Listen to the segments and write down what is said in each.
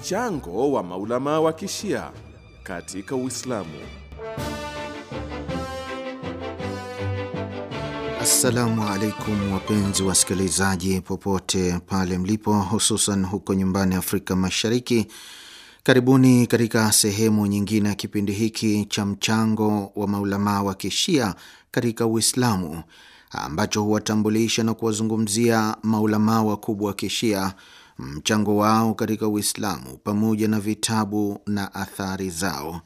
Mchango wa maulama wa kishia katika Uislamu. Assalamu alaikum wapenzi wasikilizaji, popote pale mlipo, hususan huko nyumbani Afrika Mashariki. Karibuni katika sehemu nyingine ya kipindi hiki cha mchango wa maulamaa wa kishia katika Uislamu ambacho huwatambulisha na kuwazungumzia maulamaa wakubwa wa kishia mchango wao katika Uislamu pamoja na vitabu na athari zao.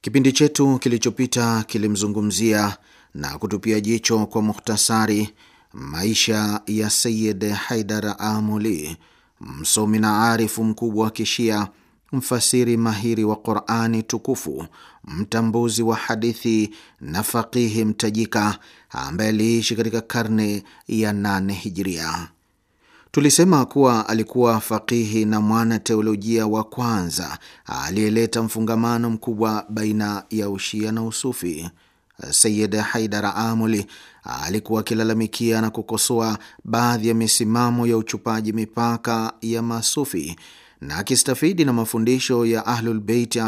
Kipindi chetu kilichopita kilimzungumzia na kutupia jicho kwa mukhtasari maisha ya Sayid Haidar Amuli, msomi na arifu mkubwa wa Kishia, mfasiri mahiri wa Qurani Tukufu, mtambuzi wa hadithi na faqihi mtajika, ambaye aliishi katika karne ya nane Hijiria. Tulisema kuwa alikuwa fakihi na mwana teolojia wa kwanza aliyeleta mfungamano mkubwa baina ya ushia na usufi. Sayid haidar Amuli alikuwa akilalamikia na kukosoa baadhi ya misimamo ya uchupaji mipaka ya masufi na akistafidi na mafundisho ya Ahlulbeiti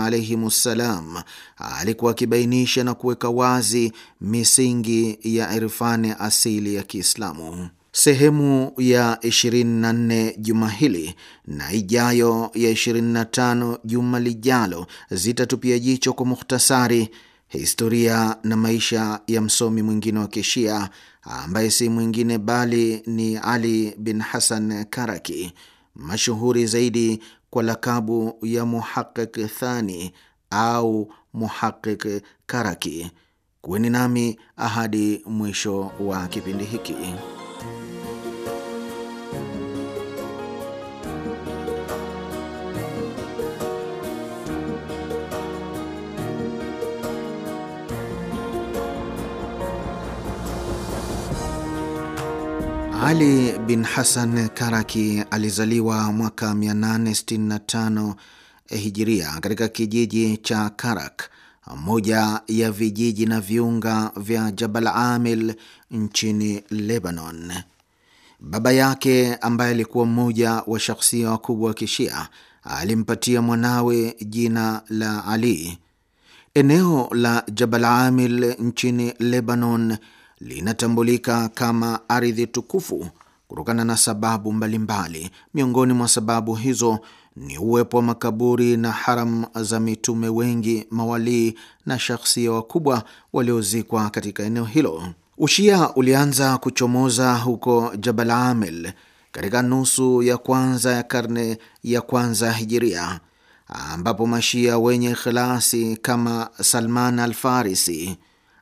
ssalam, alikuwa akibainisha na kuweka wazi misingi ya irfani asili ya Kiislamu sehemu ya 24 juma hili na ijayo ya 25 juma lijalo zitatupia jicho kwa mukhtasari historia na maisha ya msomi mwingine wa Kishia ambaye si mwingine bali ni Ali bin Hasan Karaki, mashuhuri zaidi kwa lakabu ya Muhaqiq Thani au Muhaqiq Karaki. Kuweni nami ahadi mwisho wa kipindi hiki. Ali bin Hasan Karaki alizaliwa mwaka 865 hijiria katika kijiji cha Karak, moja ya vijiji na viunga vya Jabal Amil nchini Lebanon. Baba yake ambaye alikuwa mmoja wa shakhsia wakubwa wa Kishia alimpatia mwanawe jina la Ali. Eneo la Jabal Amil nchini Lebanon linatambulika kama ardhi tukufu kutokana na sababu mbalimbali mbali. Miongoni mwa sababu hizo ni uwepo wa makaburi na haram za mitume wengi, mawalii na shakhsia wakubwa waliozikwa katika eneo hilo. Ushia ulianza kuchomoza huko Jabal Amel katika nusu ya kwanza ya karne ya kwanza Hijiria, ambapo mashia wenye khilasi kama Salman Alfarisi,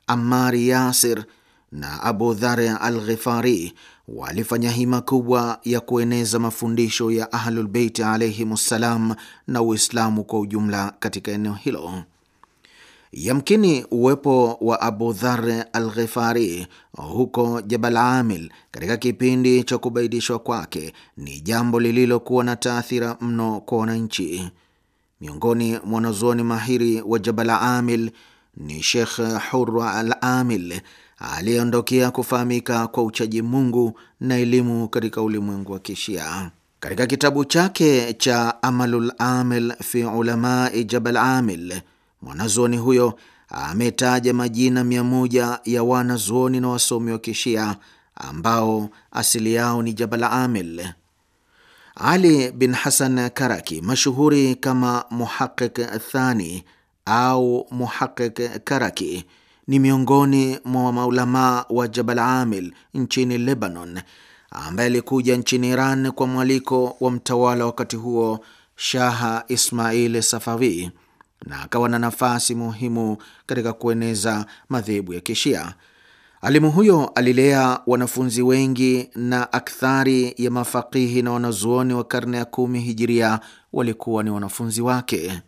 Amari Yasir na Abu Dhar al Ghifari walifanya hima kubwa ya kueneza mafundisho ya Ahlulbeiti alaihim ssalam na Uislamu kwa ujumla katika eneo hilo. Yamkini uwepo wa Abu Dhar al Ghifari huko Jabal Amil katika kipindi cha kubaidishwa kwake ni jambo lililokuwa na taathira mno kwa wananchi. Miongoni mwa wanazuoni mahiri wa Jabal Amil ni Shekh Hurra al Amil aliyeondokea kufahamika kwa uchaji Mungu na elimu katika ulimwengu wa Kishia. Katika kitabu chake cha Amalul Amil fi Ulamai Jabal Amil, mwanazuoni huyo ametaja majina mia moja ya wanazuoni na wasomi wa Kishia ambao asili yao ni Jabal Amil. Ali bin Hasan Karaki, mashuhuri kama Muhaqiq Thani au Muhaqiq Karaki, ni miongoni mwa maulamaa wa Jabal Amil nchini Lebanon, ambaye alikuja nchini Iran kwa mwaliko wa mtawala wakati huo Shaha Ismail Safawi na akawa na nafasi muhimu katika kueneza madhehebu ya Kishia. Alimu huyo alilea wanafunzi wengi na akthari ya mafakihi na wanazuoni wa karne ya kumi hijiria walikuwa ni wanafunzi wake.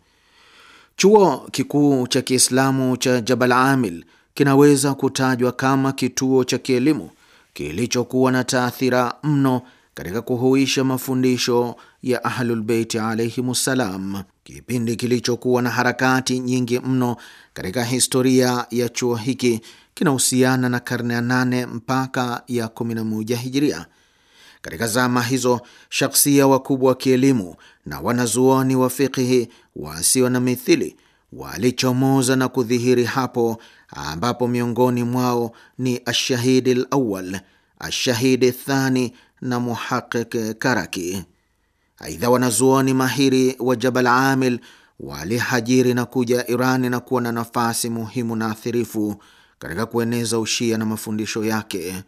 Chuo kikuu cha Kiislamu cha Jabal Amil kinaweza kutajwa kama kituo cha kielimu kilichokuwa na taathira mno katika kuhuisha mafundisho ya Ahlulbeiti alaihimussalam, kipindi kilichokuwa na harakati nyingi mno katika historia ya chuo hiki kinahusiana na karne ya nane mpaka ya kumi na moja hijiria. Katika zama hizo shakhsia wakubwa wa kielimu na wanazuoni wa fikihi wasio na mithili walichomoza na kudhihiri hapo ambapo miongoni mwao ni Ashahidi Lawal, Ashahidi Thani na Muhaqiq Karaki. Aidha, wanazuoni mahiri wa Jabal Amil walihajiri na kuja Irani na kuwa na nafasi muhimu na athirifu katika kueneza ushia na mafundisho yake.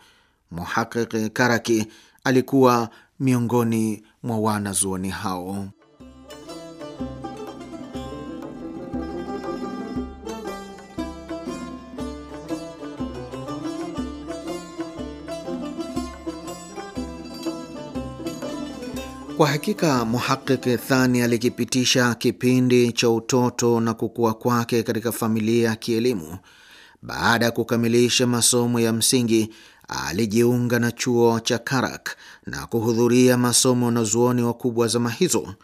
Muhaqiq Karaki alikuwa miongoni mwa wanazuoni hao. Kwa hakika Muhaqiq Thani alikipitisha kipindi cha utoto na kukua kwake katika familia ya kielimu. Baada ya kukamilisha masomo ya msingi, alijiunga na chuo cha Karak na kuhudhuria masomo na zuoni wakubwa zama hizo.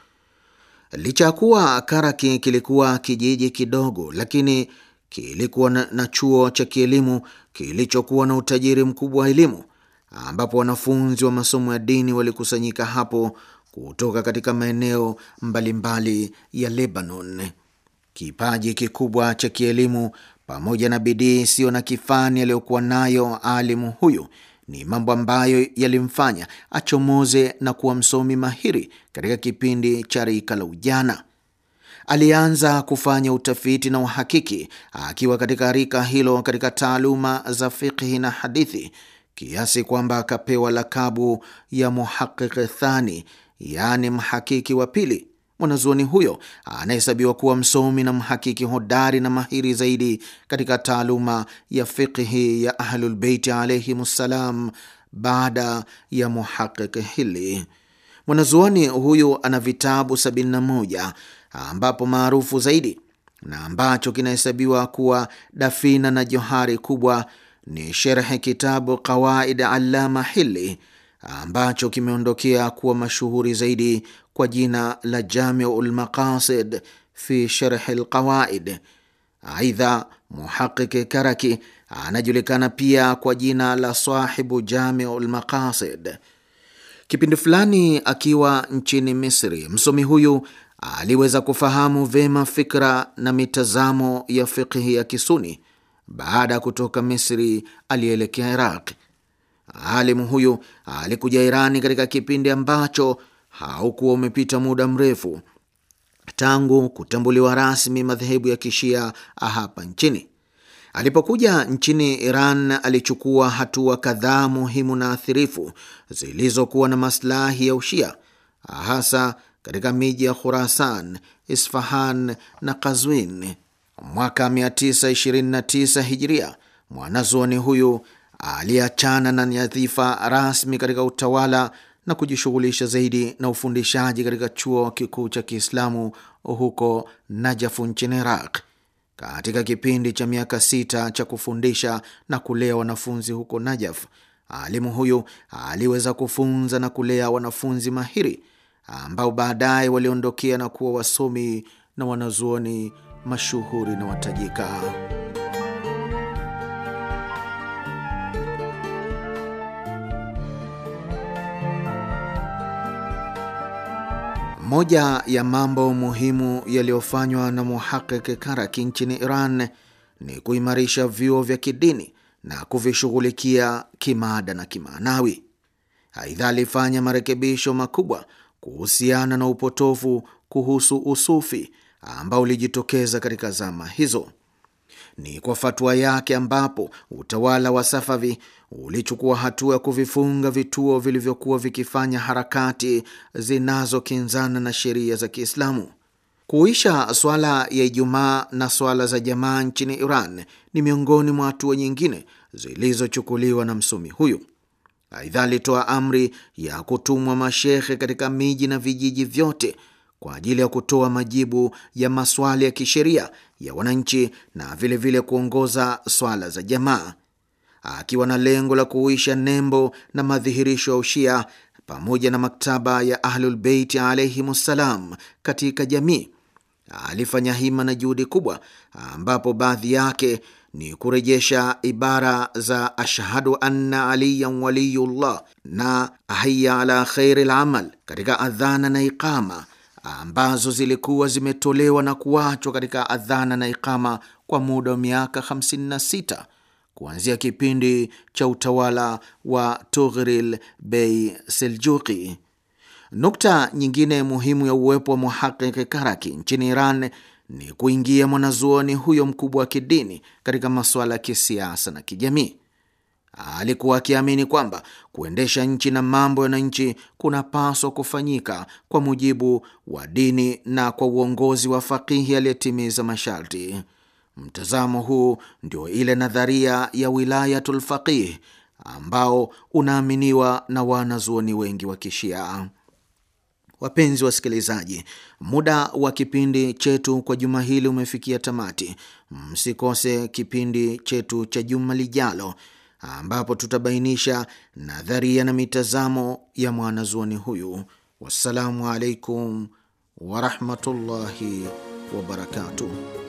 Licha ya kuwa Karaki kilikuwa kijiji kidogo, lakini kilikuwa na, na chuo cha kielimu kilichokuwa na utajiri mkubwa wa elimu ambapo wanafunzi wa masomo ya dini walikusanyika hapo kutoka katika maeneo mbalimbali ya Lebanon. Kipaji kikubwa cha kielimu pamoja na bidii isiyo na kifani aliyokuwa nayo alimu huyu ni mambo ambayo yalimfanya achomoze na kuwa msomi mahiri katika kipindi cha rika la ujana. Alianza kufanya utafiti na uhakiki akiwa katika rika hilo katika taaluma za fiqhi na hadithi, kiasi kwamba akapewa lakabu ya Muhaqiq Thani, yaani mhakiki wa pili. Mwanazuoni huyo anahesabiwa kuwa msomi na mhakiki hodari na mahiri zaidi katika taaluma ya fiqhi ya Ahlulbeiti ssalam baada ya muhaqiqi hili. Mwanazuoni huyu ana vitabu 71 ambapo maarufu zaidi na ambacho kinahesabiwa kuwa dafina na johari kubwa ni sherhe kitabu Qawaid Allama Hili ambacho kimeondokea kuwa mashuhuri zaidi kwa jina la Jamiu lMaqasid fi Sharhi lQawaid. Aidha, Muhaqiqi Karaki anajulikana pia kwa jina la sahibu Jamiu lMaqasid. Kipindi fulani akiwa nchini Misri, msomi huyu aliweza kufahamu vyema fikra na mitazamo ya fikhi ya Kisuni. Baada ya kutoka Misri, alielekea Iraq. Alimu huyu alikuja Irani katika kipindi ambacho haukuwa umepita muda mrefu tangu kutambuliwa rasmi madhehebu ya kishia hapa nchini. Alipokuja nchini Iran alichukua hatua kadhaa muhimu na athirifu zilizokuwa na maslahi ya Ushia, hasa katika miji ya Khurasan, Isfahan na Kazwin. Mwaka 929 Hijria, mwanazuoni huyu aliyeachana na nyadhifa rasmi katika utawala na kujishughulisha zaidi na ufundishaji katika chuo kikuu cha Kiislamu huko Najafu nchini Iraq. Katika kipindi cha miaka sita cha kufundisha na kulea wanafunzi huko Najaf, alimu huyu aliweza kufunza na kulea wanafunzi mahiri ambao baadaye waliondokea na kuwa wasomi na wanazuoni mashuhuri na watajika. Moja ya mambo muhimu yaliyofanywa na Muhaqiq Karaki nchini Iran ni kuimarisha vyuo vya kidini na kuvishughulikia kimaada na kimaanawi. Aidha, alifanya marekebisho makubwa kuhusiana na upotofu kuhusu usufi ambao ulijitokeza katika zama hizo. Ni kwa fatua yake ambapo utawala wa Safavi ulichukua hatua ya kuvifunga vituo vilivyokuwa vikifanya harakati zinazokinzana na sheria za Kiislamu. Kuisha swala ya Ijumaa na swala za jamaa nchini Iran ni miongoni mwa hatua nyingine zilizochukuliwa na msomi huyu. Aidha, alitoa amri ya kutumwa mashehe katika miji na vijiji vyote kwa ajili ya kutoa majibu ya maswali ya kisheria ya wananchi na vilevile vile kuongoza swala za jamaa akiwa na lengo la kuisha nembo na madhihirisho ya Ushia pamoja na maktaba ya Ahlulbeiti ssalam katika jamii. Alifanya hima na juhudi kubwa, ambapo baadhi yake ni kurejesha ibara za ashhadu anna aliyan waliyullah na haya ala khairi lamal katika adhana na iqama ambazo zilikuwa zimetolewa na kuachwa katika adhana na iqama kwa muda wa miaka 56 kuanzia kipindi cha utawala wa Tughril Bei Seljuki. Nukta nyingine muhimu ya uwepo wa Muhaqiki Karaki nchini Iran ni kuingia mwanazuoni huyo mkubwa wa kidini katika masuala ya kisiasa na kijamii. Alikuwa akiamini kwamba kuendesha nchi na mambo ya wananchi kunapaswa kufanyika kwa mujibu wa dini na kwa uongozi wa fakihi aliyetimiza masharti. Mtazamo huu ndio ile nadharia ya wilayatul faqih ambao unaaminiwa na wanazuoni wengi wa Kishia. Wapenzi wasikilizaji, muda wa kipindi chetu kwa juma hili umefikia tamati. Msikose kipindi chetu cha juma lijalo, ambapo tutabainisha nadharia na mitazamo ya mwanazuoni huyu. Wassalamu alaikum warahmatullahi wabarakatuh.